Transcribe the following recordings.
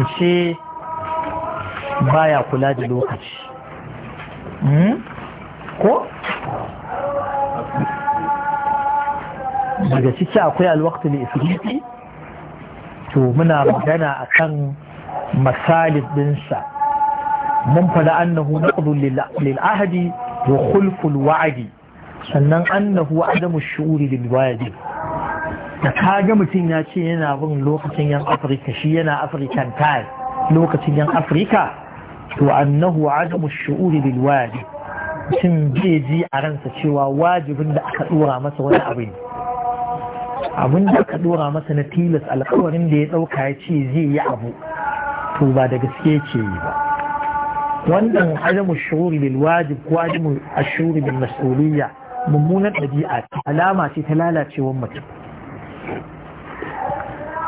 ƙarshe baya kula da lokaci hmm? ko daga ciki akwai alwaktu da ifiriti to muna magana a kan masalib ɗinsa mun fada annahu naqdun lil ahadi wa wa'adi sannan annahu adamu shu'uri lil da ka ga mutum ya ce yana bin lokacin yan afirka shi yana afirkan tai lokacin yan afirka to annahu adamu shu'uri bil wajib mutum zai ji a ransa cewa wajibin da aka dora masa wani abu ne abin da aka dora masa na tilas alkawarin da ya dauka ya ce zai yi abu to ba da gaske yake yi ba wannan adamu shu'uri bil wajib ko adamu ashuri bil mas'uliyya mummunan ɗabi'a alama ce ta lalacewar mutum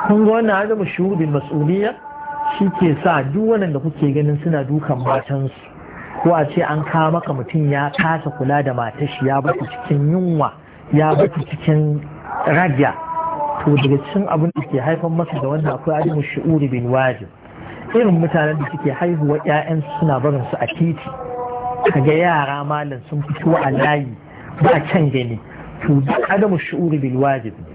kun ga wannan hajji mashuhudin masuliya shi ke sa duk wannan da kuke ganin suna dukan matansu ko a ce an kawo maka mutum ya kasa kula da matashi ya bata cikin yunwa ya bata cikin ragya to daga cikin abin da ke haifar masa da wannan akwai Adamu shi'uri bin wajib irin mutanen da suke haihuwa 'ya'yansu suna barin su a titi kaga yara malam sun fito a layi ba can gani to duk adamu shi'uri bil wajib ne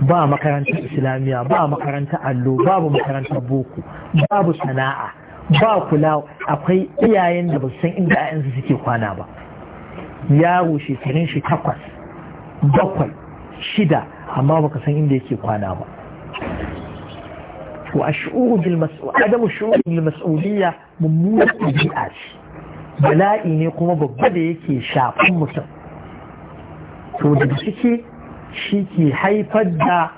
ba makarantar islamiyya ba makarantar allo babu makarantar boko babu sana'a ba kula akwai iyayen da basu san inda 'ya'yansu suke kwana ba yaro shekarun shi takwas bakwai shida amma baka san inda yake kwana ba wa ashuru bil adamu shuru bil mas'uliyya mummunar ɗabi'a ce bala'i ne kuma babba da yake shafan mutum to da suke shi ke haifar da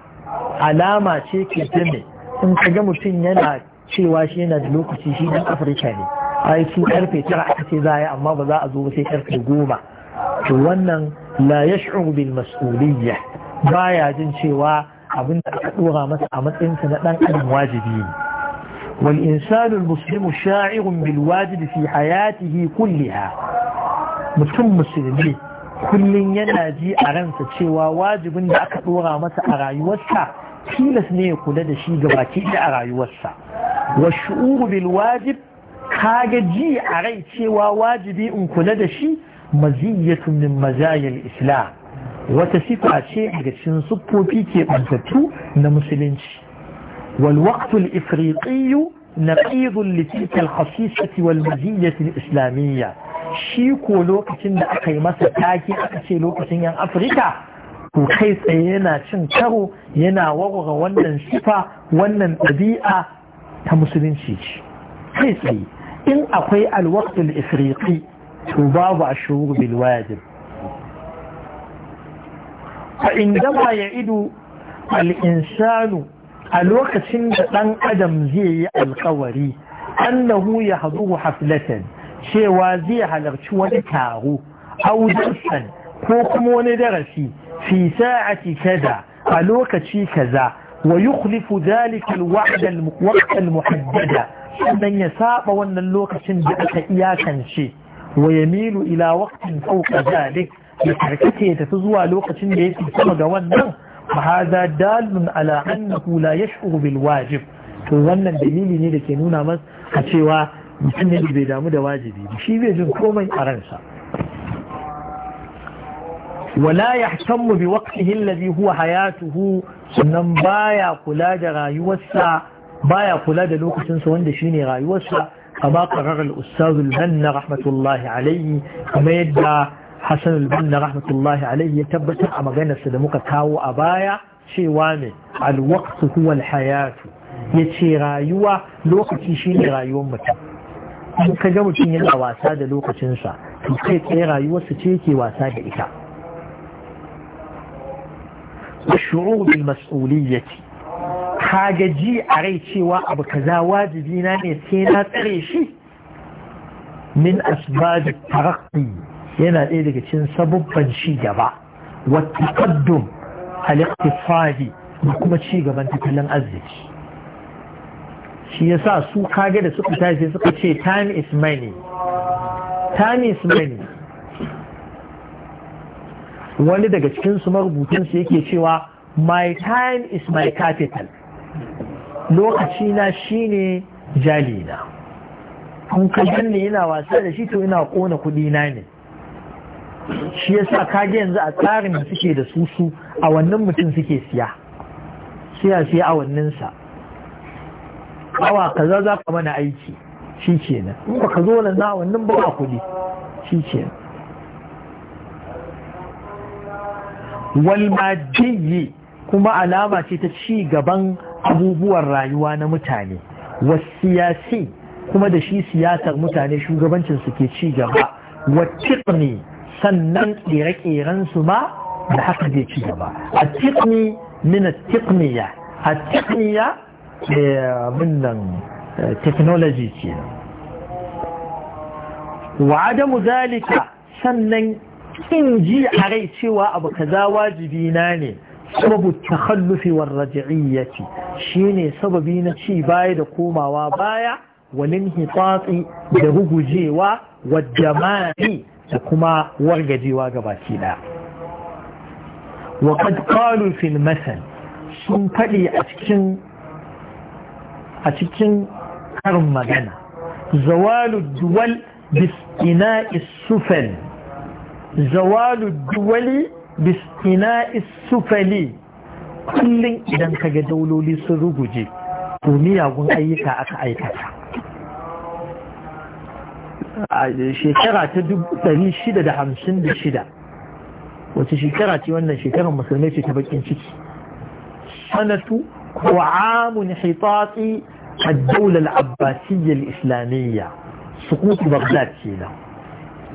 alama ce ke tame in ka ga mutum yana cewa shi yana da lokaci shi ɗan afirka ne ai su karfe tara aka ce za a yi amma ba za a zo sai karfe goma to wannan la yash'ur bil mas'uliyya baya jin cewa abin da aka dora masa a matsayinsa na ɗan adam wajibi ne wal insanu muslimu sha'irun bil wajibi fi hayatihi kulliha mutum musulmi kullum yana ji a ransa cewa wajibin da aka ɗora masa a rayuwarsa tilas ne ya kula da shi gabaki da a rayuwarsa wa shu'uru bil wajib kaga ji a rai cewa wajibi in kula da shi maziyatun min mazayil islam wata sifa ce daga cikin siffofi ke bantattu na musulunci wal waqtul ifriqiyyu نقيض hasisati wal والمزية islamiyya. shi ko lokacin da aka yi masa taki aka ce lokacin yan afirka to kai tsaye yana cin karo yana warware wannan sifa wannan ɗabi'a ta musulunci ce kai tsaye in akwai alwaktul ifriqi to babu a shuru bil wajib fa ya ido al'insanu a lokacin da ɗan adam zai yi alkawari annahu ya haɗu haflatan cewa zai halarci wani taro audarsan ko kuma wani darasi fi sa'ati kaza a lokaci kaza wa yukhlifu dhalika alwa'd alwaqt almuhaddada sannan ya saba wannan lokacin da aka iyakance wa yamilu ila waqtin fawqa dhalik ya karkace ya tafi zuwa lokacin da yake kuma ga wannan فهذا دال على أنه لا يشعر wajib to wannan dalili ne da ke nuna masa a cewa annabi bai damu da wajibi shi bai jin komai a ransa wala yahtammu bi waqtihi alladhi huwa hayatuhu sannan baya kula da rayuwarsa baya kula da lokacinsa wanda shine rayuwarsa kama qarar al-ustaz al-banna rahmatullahi alayhi kuma yadda Hassan al-banna rahmatullahi alayhi ya tabbatar a maganarsa da muka kawo a baya cewa ne al-waqtu huwa al-hayatu yace rayuwa lokaci shine rayuwar mutum kuma ka ga mutum yana wasa da lokacinsa to kai tsaye rayuwarsa ce yake wasa da ita shuru bil mas'uliyyati ka gaji a rai cewa abu kaza wajibi na ne sai na tsare shi min asbab tarqi yana ɗaya daga cikin sabubban ci gaba wata taqaddum al-iqtisadi da kuma ci gaban tattalin arziki shi ya sa su kage da suka tashi suka ce time is money time is money wani daga cikin su marubutan su yake cewa my time is my capital lokaci na shine jali na kun kajan ne yana wasa da shi to yana kona kudi na ne shi yasa kage yanzu a tsarin da suke da susu a wannan mutum suke siya siya siya a wannan sa awa kaza za ka mana aiki shi ke nan in ba ka zo nan na wannan ba kuɗi shi ke nan walmadiyi kuma alama ce ta ci gaban abubuwan rayuwa na mutane wasiyasi kuma da shi siyasar mutane shugabancin su ke ci gaba wattiqni sannan kere-keren su ma da haka zai ci gaba a tiqni min at-tiqniya A tiqniya abin nan eh, technology ce wa adamu zalika sannan in ji a rai cewa abu kaza wajibi na ne sababu takhallufi war raj'iyyati shine sababi na ci baya da komawa baya walin hitatsi da rugujewa wa mani da kuma wargajewa ga baki daya wa qad qalu fil masal sun fadi a cikin a cikin karin magana zawalu duwal bisina isufel zawalu duwali bisina isufeli kullum idan ka ga dauloli sun ruguje to miyagun ayyuka aka aikata a shekara ta 656 wace shekara ce wannan shekarar musulmai ce ta bakin ciki sanatu هو عام انحطاط الدولة العباسية الإسلامية سقوط بغداد سينا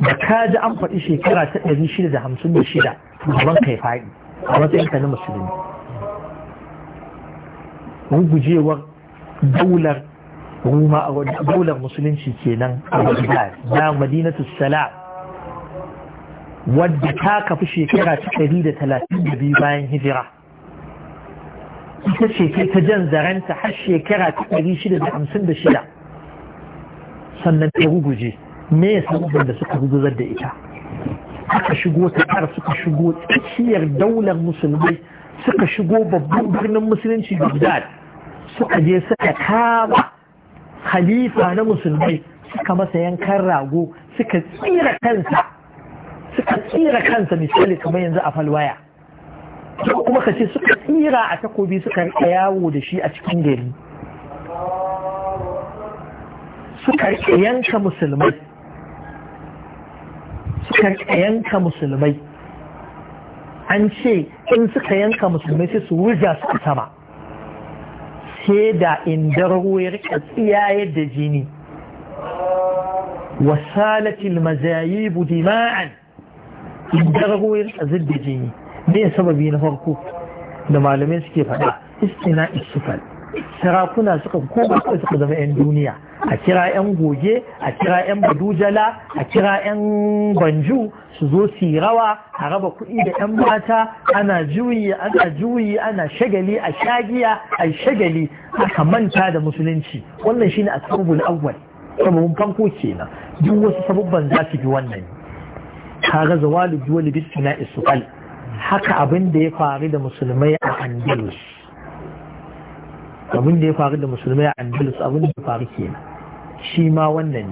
بكاد أنفر إشي كرا تأذي شيدة همسون شيدة أبان كيفاي أبان تأنك نمسلمي وجيه وغ دولة روما دولة مسلمشي كينا بغداد دا مدينة السلام wadda ta kafi shekara ta 132 bayan hijira ita ce kai ta jan zarenta har shekara ta ɗari shida da hamsin da shida sannan ta ruguje me ya samu da suka ruguzar da ita aka shigo ta ƙar suka shigo tsakiyar daular musulmai suka shigo babban birnin musulunci bagdad suka je suka kama khalifa na musulmai suka masa yankan rago suka tsira kansa suka tsira kansa misali kamar yanzu a falwaya kuma ka ce suka tsira a takobi suka rika yawo da shi a cikin gari suka rika yanka musulmai suka rika yanka musulmai an ce in suka yanka musulmai sai su wuja su sama sai da indar ya rika tsiyaye da jini wasalatil mazayibu dima'an indar ya rika zidda jini me sababi na farko da malamai suke faɗa istina isufal sarakuna suka koma suka zama 'yan duniya a kira 'yan goge a kira 'yan badujala a kira 'yan banju su zo su yi rawa a raba kuɗi da 'yan mata ana juyi ana juyi ana shagali a shagiya a shagali aka manta da musulunci wannan shine a sababul awwal sababin farko kenan duk wasu sabubban za su bi wannan Ka ga zawalu biwali bisina isukal haka abin da ya faru da musulmai a andalus abin da ya faru da musulmai a andalus abin da ya faru kenan shi ma wannan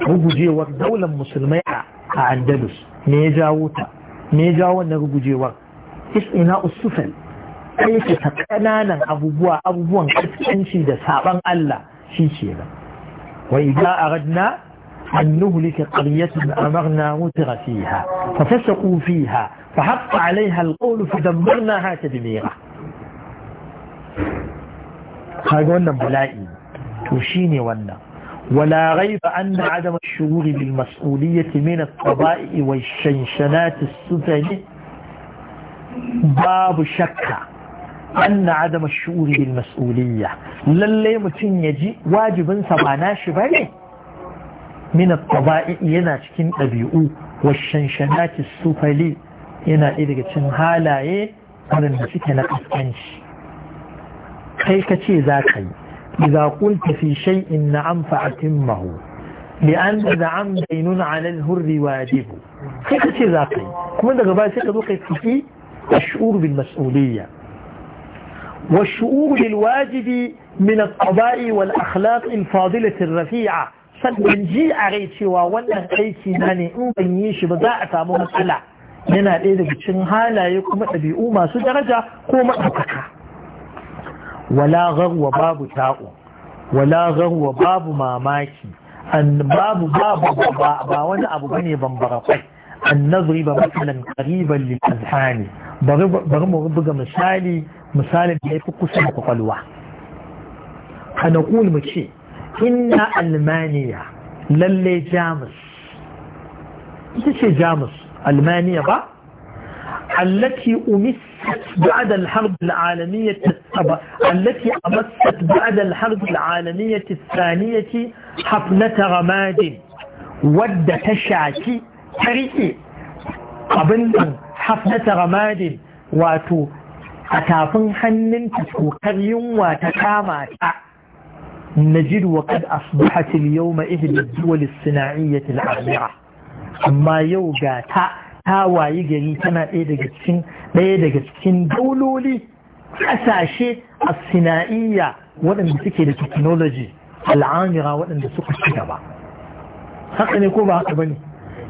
ne rugujewar daular musulmai a andalus me ya jawo ta me ya jawo wannan rugujewar isina usufel ta ƙananan abubuwa abubuwan kaskanci da saban Allah shi ke nan wa idza aradna أن نهلك قرية أمرنا وتر فيها ففسقوا فيها فحق عليها القول فدمرناها تدميرا هذا وانا ملائم وشيني وانا ولا غيب أن عدم الشعور بالمسؤولية من الطبائع والشنشنات السفن باب شك أن عدم الشعور بالمسؤولية للي متن يجي واجب سبانا شبالي من الطبائع ينا تكين أبيعو والشنشنات السفلي ينا إذا كتن هالاي ومن نسيك نقسكنش كيف تي ذاكي إذا قلت في شيء نعم فأتمه لأن زعم بين على الهر واجب كيف تي ذاكي كما إذا غبال سيك في الشعور بالمسؤولية والشعور بالواجب من الطبائع والأخلاق الفاضلة الرفيعة sannan ji a rai cewa wannan aiki na ne in ban yi shi ba za a samu matsala yana ɗaya daga cikin halaye kuma ɗabi'u masu daraja ko maɗaukaka wala garwa babu ta'u wala garwa babu mamaki an babu babu ba wani abu bane bambara kwai an nazari ba matsalan kariban lil bari mu buga misali misalin da ya fi kusa da kwakwalwa a naƙul mu ce inna almaniya للي جامس ita ce جامس almaniya با التي أمست بعد الحرب العالمية التي أمست بعد الحرب العالمية الثانية حفلة رماد ود تشاكي تريكي قبل حفلة رماد واتو أتافن حنن تسوكر يوم وتكاماتا نجد وقد أصبحت اليوم إحدى الدول الصناعية العامرة أما يوجا تا tawaye gari tana ɗaya daga cikin ɗaya daga cikin dauloli ƙasashe a sina'iyya waɗanda suke da technology al'amira waɗanda suka ci gaba haka ne ko ba haka bane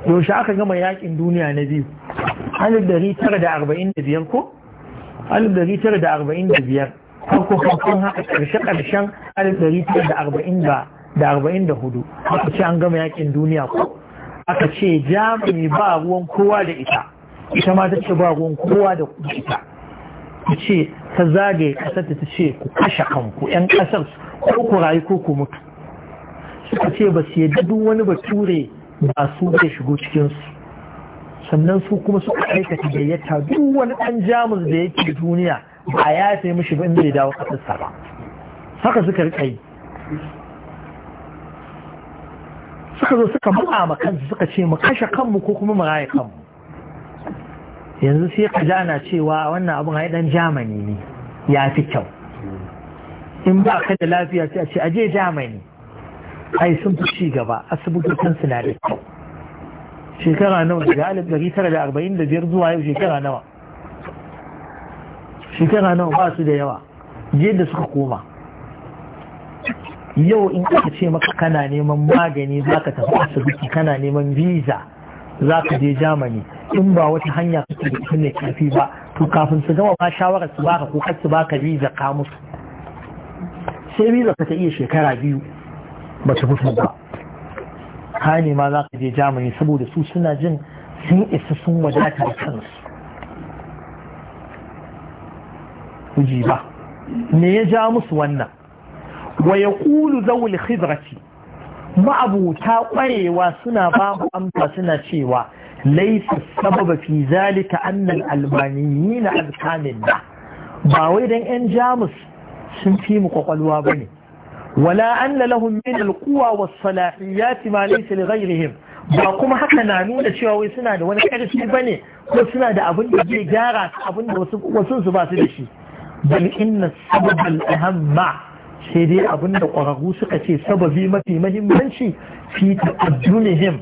yaushe aka gama yakin duniya na biyu 1945 ko 1945 farko farkon haka ƙarshe ƙarshen alif ɗari tara da da hudu aka ce an gama yakin duniya ko aka ce jami ba ruwan kowa da ita ita ma ta ce ba ruwan kowa da ita ta ce ta zagaye ƙasar ta ta ce ku kashe kanku 'yan ƙasar ko ku rayu ko ku mutu suka ce ba su yadda duk wani bature ba su zai shigo cikinsu sannan su kuma suka aikata gayyata duk wani ɗan jamus da yake duniya ba ya sai mishi ba inda ya dawo ƙasarsa ba haka suka rika yi suka zo suka matsa ma kansu suka ce mu kashe kanmu ko kuma mu raye kanmu yanzu sai ka jana cewa wannan abin yi dan jamani ne ya fi kyau in ba ka da lafiya sai a ce aje jamani ai sun fi ci gaba asibitocin su na da kyau shekara nawa daga alif dari tara da arba'in da biyar zuwa yau shekara nawa shekara nawa ba su da yawa je da suka koma yau in aka ce maka kana neman magani za ka tafi asibiti kana neman visa za ka je germany in ba wata hanya kake da ita ne kafi ba to kafin su gama ba shawarar su baka ko kar su baka visa ka musu sai visa ka ta iya shekara biyu ba ta fito ba ka ne ma za ka je germany saboda su suna jin sun isa sun wadata da kansu kuji ba me ya ja musu wannan wa ya kulu zaul khidrati ma'abuta ƙwarewa suna babu amsa suna cewa laisa sababa ta annan annal albaniyina alkamin da ba wai dan yan jamus sun fi mu kwakwalwa bane wala anna lahum min alquwa was salahiyat ma laysa li ba kuma haka na nuna cewa wai suna da wani karfi bane ko suna da abin da zai gyara abin da wasu wasu su da shi bal inna sababal ahamma sai dai abinda ƙwararru suka ce sababi mafi mahimmanci fi ta'addunihim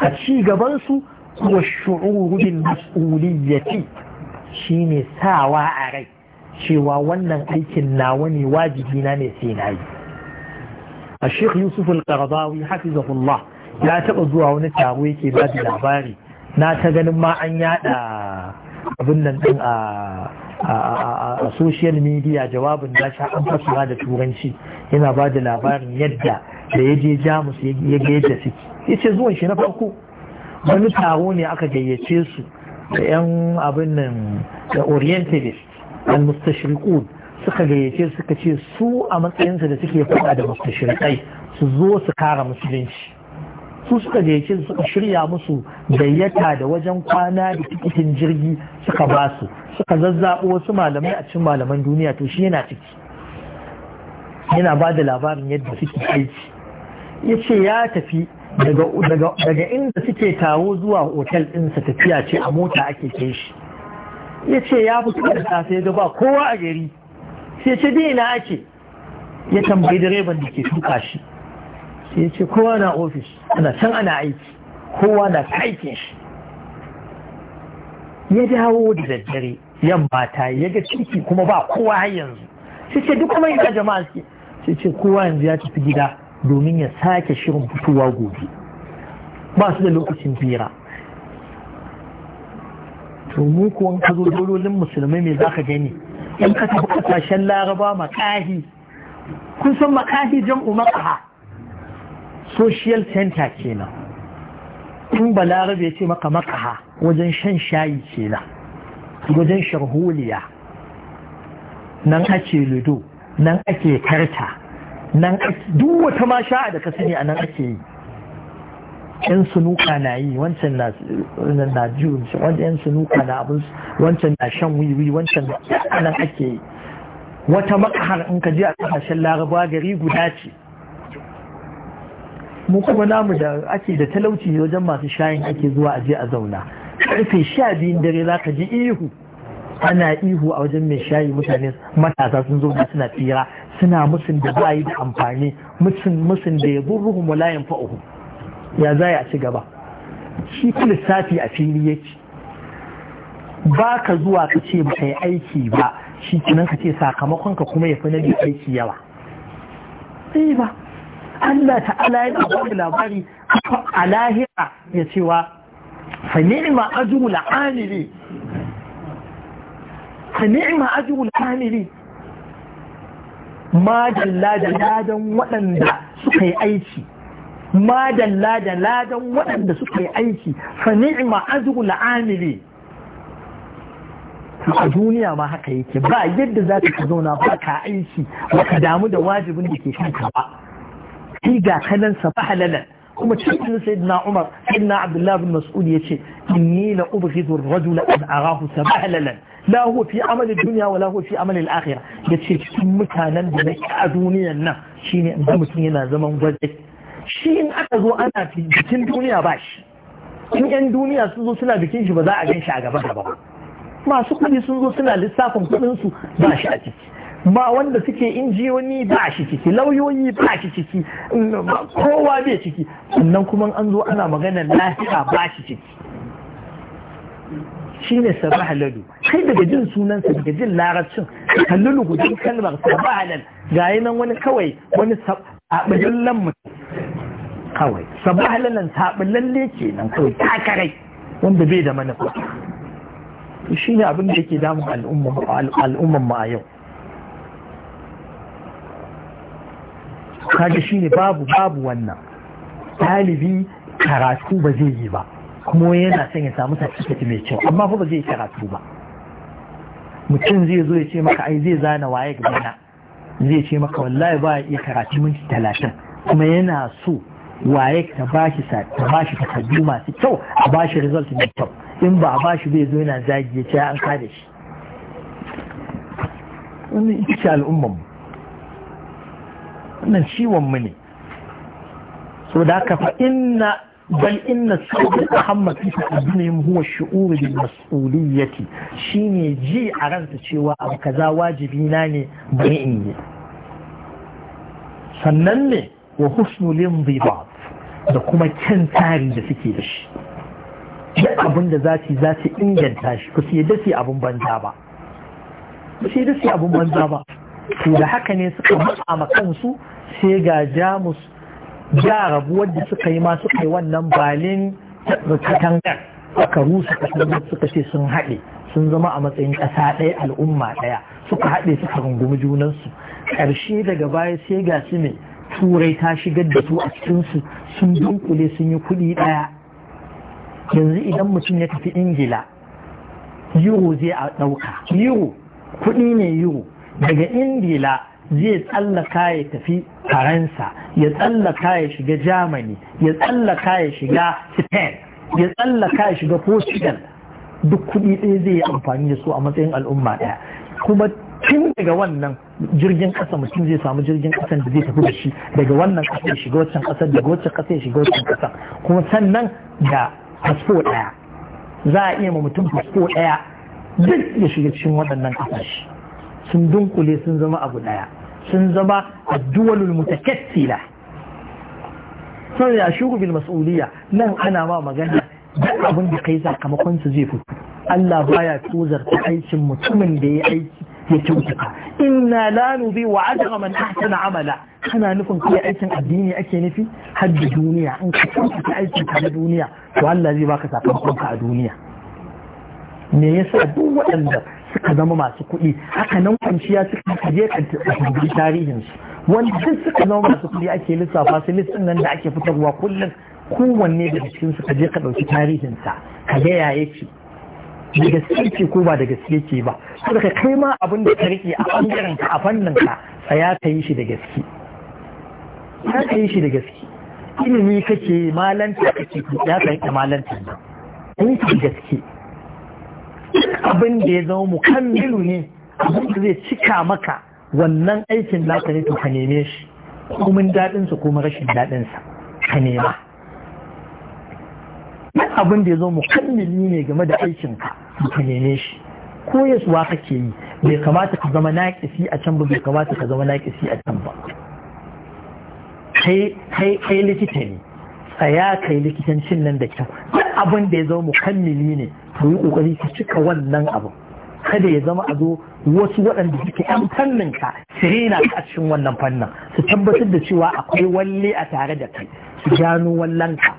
a ci gabansu wa shu'uru bil mas'uliyyati shine sawa a rai cewa wannan aikin nawa ne wajibi na ne sai na yi a shekh yusuf al-qaradawi hafizahullah ya taɓa zuwa wani taro yake ba da labari na ta ganin ma an yada abin nan din a a social media jawabin da sha an fasuwa da turanci yana ba da labarin yadda da ya je jamus ya ga yadda suke ya ce zuwan shi na farko wani taro ne aka gayyace su da 'yan abin nan da orientalist al mustashirikun suka gayyace suka ce su a matsayinsa da suke faɗa da mustashirikai su zo su kara musulunci su suka gayyace suka shirya musu gayyata da wajen kwana da tikitin jirgi suka ba su suka zazzaɓo wasu malamai a cikin malaman duniya to shi yana ciki yana ba da labarin yadda suke aiki ya ce ya tafi daga inda suke taro zuwa otal ɗinsa tafiya ce a mota ake kai shi ya ce ya fito da safe ga ba kowa a gari sai ce dai na ake ya tambayi direban da ke tuka shi sai ce kowa na ofis ana can ana aiki kowa na aikin shi ya dawo da daddare yamma ta ya ga ciki kuma ba kowa har yanzu sai ce duk kuma ina jama'a suke sai ce kowa yanzu ya tafi gida domin ya sake shirin fitowa gobe ba su da lokacin fira to mu kuwa ka zo dololin musulmai me za ka gani in ka tafi kasashen laraba makahi kun san makahi jam'u makaha social center kenan in balarabe ce maka makaha wajen shan shayi kenan wajen sharholiya nan ake ludo nan ake karta nan duk wata ma sha'a da ka ne a nan ake yi yan sunuka na yi wancan na wancan yan sunuka na abin wancan na shan wiwi wancan nan ake yi wata makahar in ka je a kasashen laraba gari guda ce mu kuma namu da ake da talauci wajen masu shayin ake zuwa aje a zauna karfe sha biyun dare za ka ji ihu ana ihu a wajen mai shayi mutane matasa sun zo suna tsira suna musun da a yi da amfani musun da ya burruhu mulayin fa'uhu ya za a ci gaba shi ku lissafi a fili yaki. ba ka zuwa ka ce ba aiki ba shi kinan ka ce sakamakon ka kuma ya fi na aiki yawa Allah ta'ala yana ba mu labari a lahira ya cewa fa ni'ma ajrul amili fa ni'ma majalla ma da ladan waɗanda suka yi aiki ma da ladan waɗanda suka yi aiki fa ni'ma ajrul a duniya ma haka yake ba yadda za ka zauna ba ka aiki ba ka damu da wajibin da ke kanka ba kai ga kanan sa fahalalan kuma cikin sayyidina Umar sayyidina Abdullah bin Mas'ud yace inni la ubghidu ar-rajula an arahu sabahalalan la huwa fi amal ad-dunya wa la huwa fi amal al-akhirah ce cikin mutanen da nake a duniyan nan shine in ga mutum yana zaman gwaje shi in aka zo ana bikin duniya ba shi in yan duniya sun zo suna bikin shi ba za a gan shi a gaba gaba masu kuɗi sun zo suna lissafin kuɗin su ba shi a ciki ba wanda suke injiyoni ba shi ciki lauyoyi ba shi ciki mm, kowa bai ciki sannan kuma an zo ana maganar lafiya ba shi ciki shi ne sabahaladu kai daga jin sunansa daga jin larabcin kallulu gudun kalmar sabahalal ga yi nan wani kawai wani sabahallan lamu kawai sabahalalan sabalalle ke nan kawai takarai wanda bai da manufa shi ne abin da yake damun al'umman mu a yau kaga ne babu babu wannan ɗalibi karatu ba zai yi ba kuma yana son ya samu certificate mai kyau amma fa ba zai karatu ba mutum zai zo ya ce maka ai zai zana waye gabana zai ce maka wallahi ba iya karatu minti talatin kuma yana so waye ta bashi ta bashi takardu masu kyau a bashi result mai kyau in ba a bashi bai zo yana zagi ya ce an kada shi wannan ita ce al'ummar mu wannan ciwon mu ne so da ka fa inna bal inna sabbin muhammad fi taqaddumihim huwa shu'ur da mas'uliyyati shi ne ji a ransa cewa abu kaza wajibi na ne bari in yi sannan ne wa husnul inzibat da kuma kyan tsari da suke da shi duk abin da za su inganta shi ku su da su abin banza ba ba su yadda su abin banza ba to da haka ne suka matsa kansu sai ga jamus gyara rabuwar da suka yi ma suka yi wannan balin katangar suka rusa katangar suka ce sun haɗe sun zama a matsayin ƙasa ɗaya al'umma ɗaya suka haɗe suka rungumi junansu ƙarshe daga baya sai ga su ne turai ta shigar da su a cikinsu sun dunkule sun yi kuɗi ɗaya yanzu idan mutum ya tafi ingila euro zai a ɗauka euro kuɗi ne euro daga indila zai tsallaka ya tafi faransa ya tsallaka ya shiga germany ya tsallaka ya shiga spain ya tsallaka ya shiga portugal duk kudi ɗaya zai yi amfani da su a matsayin al'umma ɗaya kuma tun daga wannan jirgin ƙasa mutum zai samu jirgin ƙasan da zai tafi da shi daga wannan ƙasa ya shiga waccan ƙasar daga waccan ƙasa ya shiga waccan kasa. kuma sannan da fasfo ɗaya za a iya ma mutum fasfo ɗaya duk ya shiga cikin waɗannan ƙasashe sun dunkule sun zama abu ɗaya sun zama addu'alul mutakattila sai ya shugu bil mas'uliyya nan ana ma magana duk abin da kai sakamakon su zai fito Allah baya tuzarta aikin mutumin da ya aiki ya kyautata inna la nubi wa ajra man ahsana amala kana nufin kai aikin addini ake nufi har da duniya in ka kyautata aikin ka na duniya to Allah zai baka sakamakon ka a duniya me yasa duk waɗanda suka zama masu kuɗi haka nan kwanciya suka kaje ka tambayi tarihin su wanda duk suka zama masu kuɗi ake lissafa su listin nan da ake fitarwa kullum kowanne da cikin su kaje ka ɗauki tarihin sa ka ga ya yake da gaske ce ko ba da gaske ce ba daga kai ma abin da ka rike a bangaren ka a fannin ka tsaya ka yi shi da gaske ya ka shi da gaske ilimi kake malanta kake ya ka yi malanta nan in gaske abin da ya zama mukammilu ne abin da zai cika maka wannan aikin naka ne to ka neme shi komin daɗinsa kuma rashin daɗinsa ka nema duk abin da ya kan mukammili ne game da aikinka ka neme shi Ko ka kake yi bai kamata ka zama naƙisi a can ba bai kamata ka zama naƙisi a can ba kai likita ne tsaya kai likitancin nan da kyau abin da ya zama mukammili ne to yi kokari ka cika wannan abu kada ya zama a zo wasu waɗanda suke yan fannin ka sirena a cikin wannan fannin su tabbatar da cewa akwai walle a tare da kai su gano ka.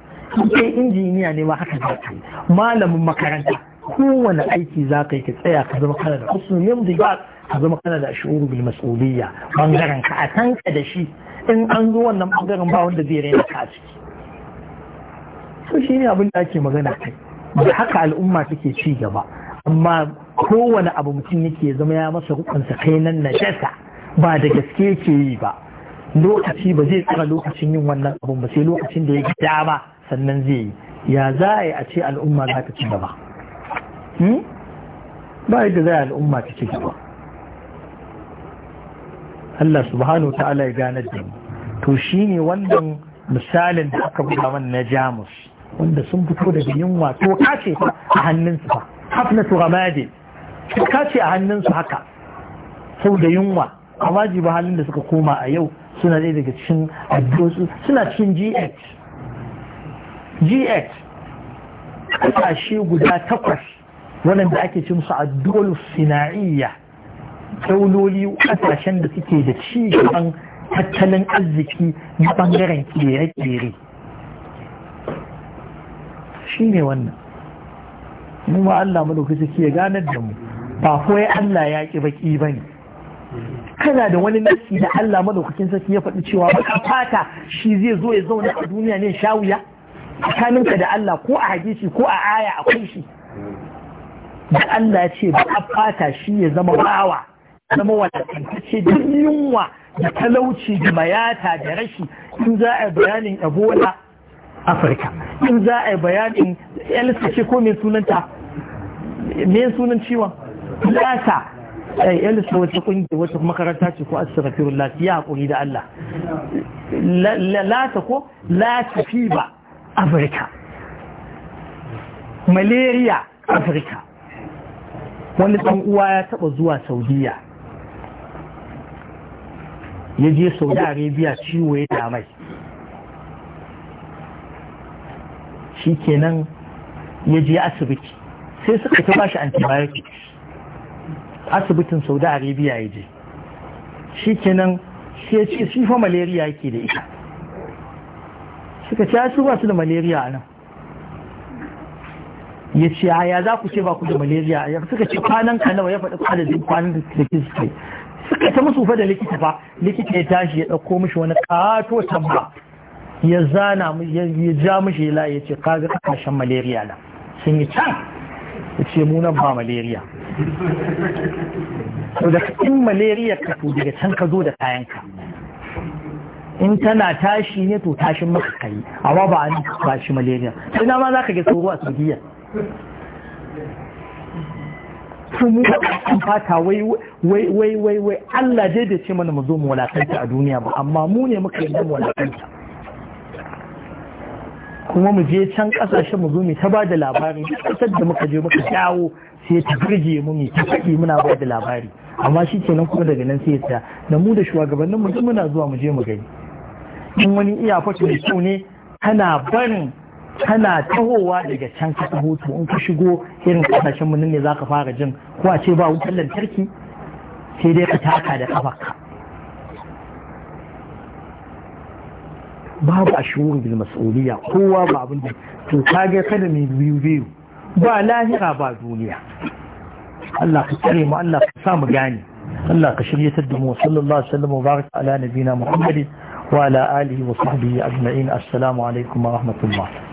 kai injiniya ne ma haka za yi malamin makaranta kowane aiki za ka yi ka tsaya ka zama kana da usulun dibat ka zama kana da shu'uru bil mas'uliyya bangaren ka a tanka da shi in an zo wannan bangaren ba wanda zai raina ka a ciki so shi ne abin da ake magana kai da haka al'umma take ci gaba amma kowane abu mutum yake zama ya masa hukunsa kai nan na jasa ba da gaske yake yi ba lokaci ba zai tsara lokacin yin wannan abun ba sai lokacin da ya dama sannan zai yi ya za a yi a ce al'umma za ta ci gaba hmm? ba yadda za a al'umma ta ci gaba Allah subhanahu ta'ala ya ganar da mu to shine wannan misalin da aka buga mana na Jamus wanda sun fito daga yunwa to kace a hannunsu fa hafnatu ramadi to kace a hannunsu haka sau da yunwa a ba halin da suka koma a yau suna ɗaya daga cikin addu'o'su suna cikin gh gh ƙasashe guda takwas waɗanda ake su a addu'ol sina'iyya dauloli ƙasashen da suke da ci tattalin arziki na ɓangaren kere-kere shi ne wannan mu ma Allah madaukaki ke ganar da mu ba koyi Allah ya ki baki bane kana da wani nasi da Allah madaukakin sarki ya faɗi cewa baka fata shi zai zo ya zauna a duniya ne shawuya kaninka da Allah ko a hadisi ko a aya akwai shi da Allah ya ce baka fata shi ya zama bawa zama ce duk yunwa da talauci da mayata da rashi in za a bayanin ebola afirka in za a yi bayanin Elisa ce ko mai sunanta sunan ciwon lasa Elisa eh, wata kungiyar wata makaranta ce ko asirafirun lafiya haƙuri da allah lasa ko lata fiba afirka malaria afirka wani ɗan uwa ya taɓa zuwa saudiya ya je saudi arabia ciwo ya damai shi kenan ya je asibiti sai suka ta bashi antibiotics asibitin saudi arabia ya je shi kenan sai ce shi fa malaria yake da ita suka ce su ba su da malaria a nan ya ce ya za ku ce ba ku da malaria ya suka ce kwanan ka nawa ya faɗi kwanadin kwanan da suke suka yi suka ta musu fa da likita ba likita ya tashi ya ɗauko mishi wani ƙato tamba ya zana ya ja mishi la ya ce kaga kasashen malaria na sun yi can ya ce munan ba malaria to da in malaria ka to daga can ka zo da kayanka in tana tashi ne to tashin maka kai amma ba an ba shi malaria sai na ma za ka ga tsoro a saudiya su mu kan fata wai wai wai wai Allah dai da ce mana mu zo mu walakanta a duniya ba amma mu ne muka yi mu walakanta kuma mu je can kasashen mu zo mu ta bada labari kasar da muka je muka dawo sai ta birge mu mu ta faɗi muna bada labari amma shi nan kuma daga nan sai ta da mu da shugabannin mu muna zuwa mu je mu gani in wani iya fata da kyau ne kana barin kana tahowa daga can ka to in ka shigo irin kasashen mu ne zaka fara jin ko a ce ba wutar lantarki sai dai ka taka da kafarka babu a shuhur bil mas'uliyya kowa ba abin da to kage kada mai biyu biyu ba lahira ba duniya Allah ka tsare mu Allah ka sa mu gane Allah ka shiryatar da mu sallallahu alaihi wasallam baraka ala nabina Muhammad wa ala alihi wa sahbihi ajma'in assalamu alaikum wa rahmatullah